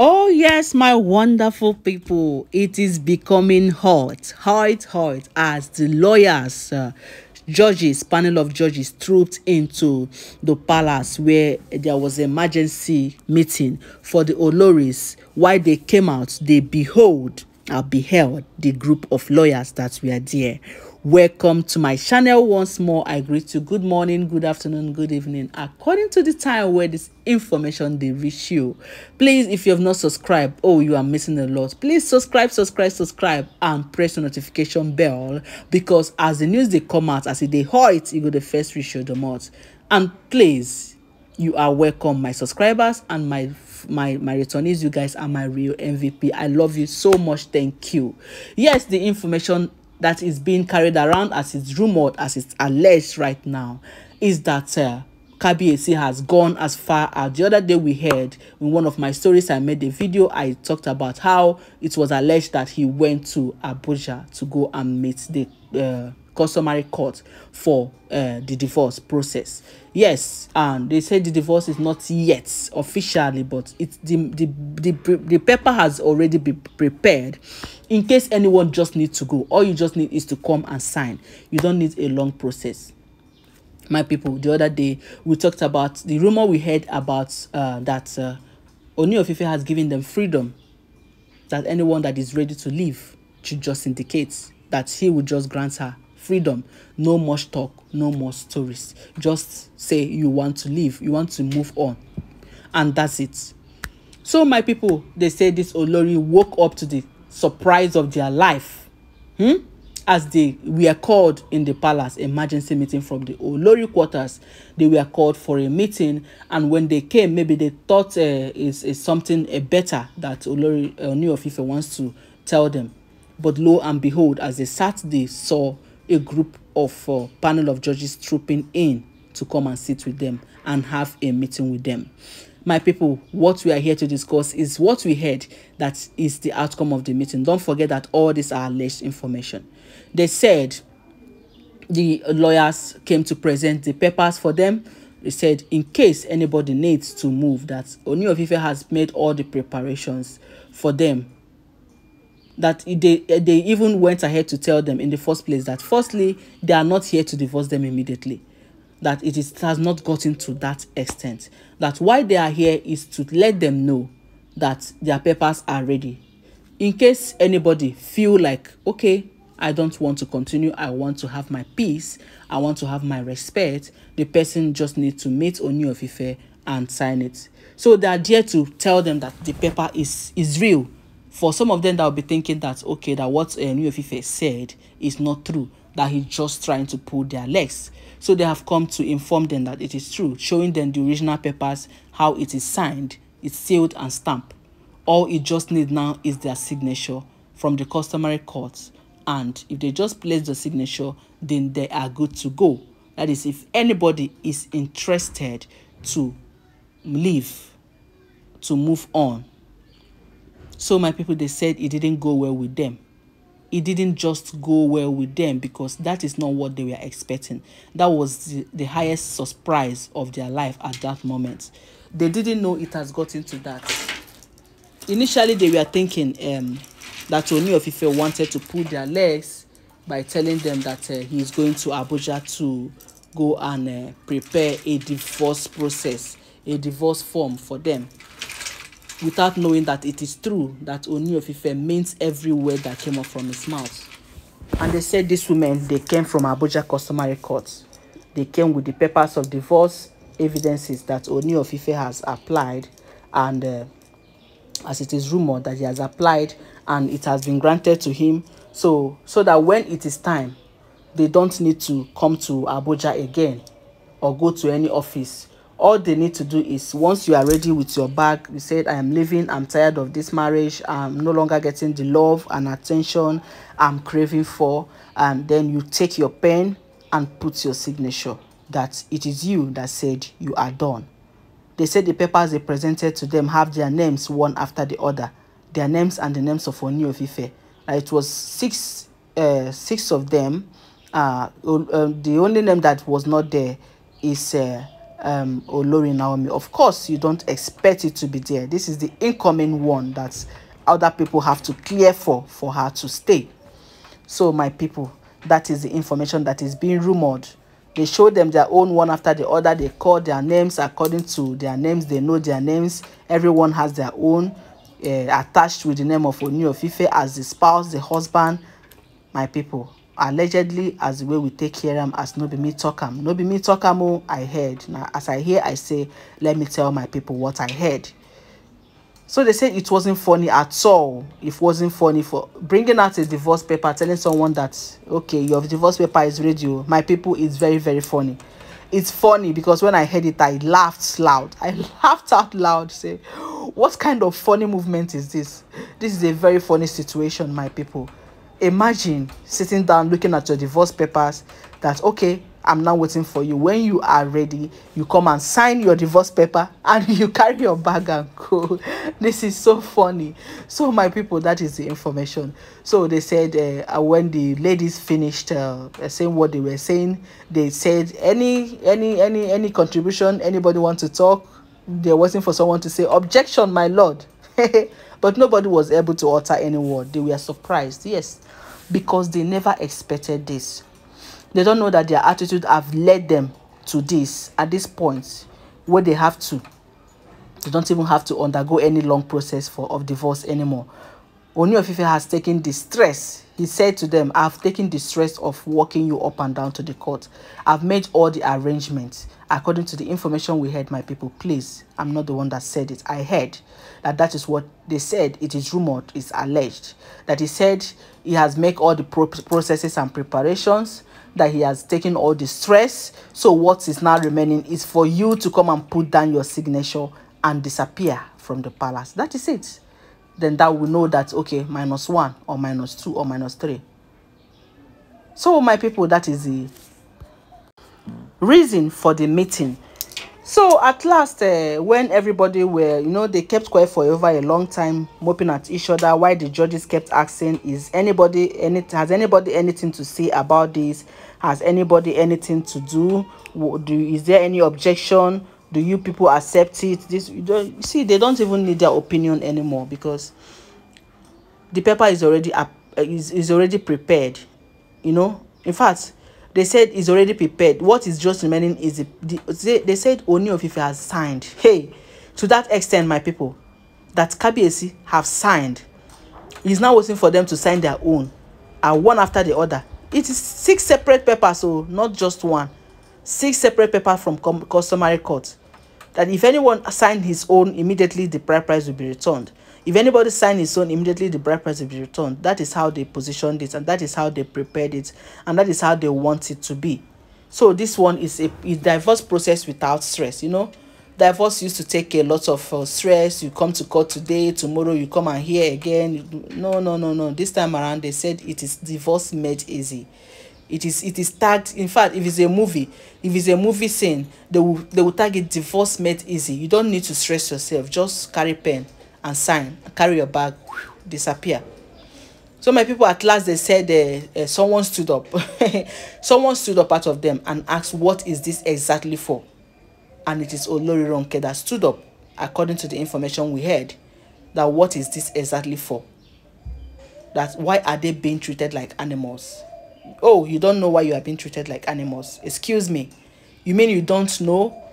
Oh, yes, my wonderful people. It is becoming hot, hot, hot as the lawyers, uh, judges, panel of judges trooped into the palace where there was emergency meeting for the Oloris. While they came out, they behold I beheld the group of lawyers that were there. Welcome to my channel once more. I greet you. Good morning, good afternoon, good evening. According to the time where this information they reach you, please, if you have not subscribed, oh, you are missing a lot. Please subscribe, subscribe, subscribe, and press the notification bell because as the news they come out, as they hear it, you go the first reach you the most. And please, you are welcome, my subscribers and my my my returnees you guys are my real mvp i love you so much thank you yes the information that is being carried around as it's rumored as it's alleged right now is that uh, Kabiesi has gone as far as the other day we heard in one of my stories I made a video I talked about how it was alleged that he went to Abuja to go and meet the uh, customary court for uh, the divorce process. Yes, and they say the divorce is not yet officially, but it's the the the, the paper has already been prepared in case anyone just needs to go. All you just need is to come and sign. You don't need a long process. My people, the other day we talked about the rumor we heard about uh, that uh, Oni has given them freedom that anyone that is ready to leave should just indicate that he would just grant her freedom no much talk no more stories just say you want to leave you want to move on and that's it so my people they say this olori woke up to the surprise of their life hmm? as they were called in the palace emergency meeting from the olori quarters they were called for a meeting and when they came maybe they thought uh, is, is something uh, better that olori uh, eh, new wants to tell them but lo and behold as they sat they saw a group of uh, panel of judges trooping in to come and sit with them and have a meeting with them. My people, what we are here to discuss is what we heard that is the outcome of the meeting. Don't forget that all these are alleged information. They said the lawyers came to present the papers for them. They said in case anybody needs to move that Oniofife has made all the preparations for them that they they even went ahead to tell them in the first place that firstly they are not here to divorce them immediately that it is it has not gotten to that extent that why they are here is to let them know that their papers are ready in case anybody feel like okay i don't want to continue i want to have my peace i want to have my respect the person just needs to meet oni of ife and sign it so they are there to tell them that the paper is is real for some of them that will be thinking that okay that what uh, Nuyofife said is not true that he's just trying to pull their legs so they have come to inform them that it is true showing them the original papers how it is signed it's sealed and stamped all it just needs now is their signature from the customary courts and if they just place the signature then they are good to go that is if anybody is interested to leave to move on So my people, they said it didn't go well with them. It didn't just go well with them because that is not what they were expecting. That was the, the highest surprise of their life at that moment. They didn't know it has gotten to that. Initially, they were thinking um, that Tony of wanted to pull their legs by telling them that uh, he is going to Abuja to go and uh, prepare a divorce process, a divorce form for them without knowing that it is true that Oni of means every word that came out from his mouth. And they said this woman they came from Abuja customary court. They came with the papers of divorce, evidences that Oni of has applied and uh, as it is rumored that he has applied and it has been granted to him so so that when it is time they don't need to come to Abuja again or go to any office all they need to do is once you are ready with your bag you said i am leaving i'm tired of this marriage i'm no longer getting the love and attention i'm craving for and then you take your pen and put your signature that it is you that said you are done they said the papers they presented to them have their names one after the other their names and the names of Oni new Ife. Uh, it was six uh, six of them uh, uh, the only name that was not there is uh, um, Olori Naomi. Of course, you don't expect it to be there. This is the incoming one that other people have to clear for, for her to stay. So, my people, that is the information that is being rumored. They show them their own one after the other. They call their names according to their names. They know their names. Everyone has their own uh, attached with the name of Oni of as the spouse, the husband, my people allegedly as the way we take care am as no be me talk am no be me talk am oh, I heard Now, as i hear i say let me tell my people what i heard so they say it wasn't funny at all it wasn't funny for bringing out a divorce paper telling someone that okay your divorce paper is radio my people it's very very funny it's funny because when I heard it, I laughed loud. I laughed out loud, say, what kind of funny movement is this? This is a very funny situation, my people imagine sitting down looking at your divorce papers that okay i'm now waiting for you when you are ready you come and sign your divorce paper and you carry your bag and go this is so funny so my people that is the information so they said uh, uh when the ladies finished uh, uh, saying what they were saying they said any any any any contribution anybody want to talk they're waiting for someone to say objection my lord But nobody was able to utter any word. They were surprised, yes, because they never expected this. They don't know that their attitude have led them to this at this point where they have to. They don't even have to undergo any long process for of divorce anymore Oniofife has taken distress. He said to them, I've taken distress of walking you up and down to the court. I've made all the arrangements. According to the information we heard, my people, please, I'm not the one that said it. I heard that that is what they said. It is rumored, it's alleged. That he said he has made all the pro processes and preparations that he has taken all the stress. So what is now remaining is for you to come and put down your signature and disappear from the palace. That is it then that will know that, okay, minus 1 or minus 2 or minus 3. So, my people, that is the reason for the meeting. So, at last, uh, when everybody were, you know, they kept quiet for over a long time, moping at each other, why the judges kept asking, is anybody, any, has anybody anything to say about this? Has anybody anything to do? do is there any objection? do you people accept it this you don't you see they don't even need their opinion anymore because the paper is already up uh, is, is already prepared you know in fact they said it's already prepared what is just remaining is the, the they, they said only if he has signed hey to that extent my people that KBAC have signed is now waiting for them to sign their own and one after the other it is six separate papers so not just one six separate papers from customary court that if anyone sign his own immediately the bride price will be returned if anybody sign his own immediately the bride price will be returned that is how they positioned it and that is how they prepared it and that is how they want it to be so this one is a, a divorce process without stress you know divorce used to take a lot of uh, stress you come to court today tomorrow you come and hear again no no no no this time around they said it is divorce made easy it is it is tagged in fact if it's a movie if it's a movie scene they will they will tag it divorce made easy you don't need to stress yourself just carry pen and sign carry your bag disappear so my people at last they said uh, uh, someone stood up someone stood up out of them and asked what is this exactly for and it is olori ronke that stood up according to the information we heard that what is this exactly for that why are they being treated like animals oh you don't know why you are being treated like animals excuse me you mean you don't know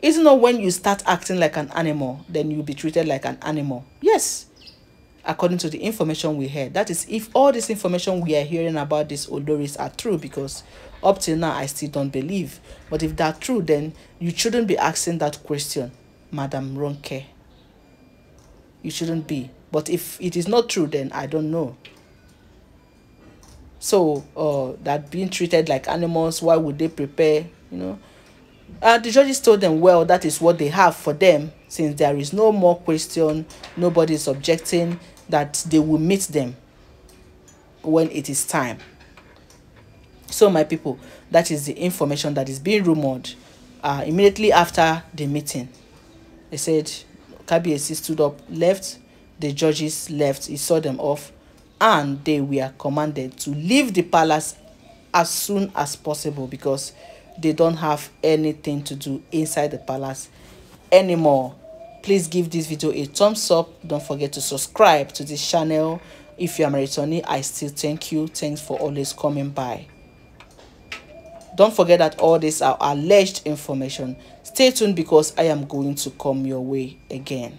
it's not when you start acting like an animal then you'll be treated like an animal yes according to the information we heard that is if all this information we are hearing about these odoris are true because up till now i still don't believe but if that's true then you shouldn't be asking that question madam ronke you shouldn't be but if it is not true then i don't know so uh, that being treated like animals, why would they prepare? You know. And the judges told them, well, that is what they have for them, since there is no more question, nobody is objecting, that they will meet them when it is time. So, my people, that is the information that is being rumored uh, immediately after the meeting. They said Kabiesi stood up, left, the judges left, he saw them off, and they were commanded to leave the palace as soon as possible because they don't have anything to do inside the palace anymore please give this video a thumbs up don't forget to subscribe to this channel if you are Maritoni, i still thank you thanks for always coming by don't forget that all these are alleged information stay tuned because i am going to come your way again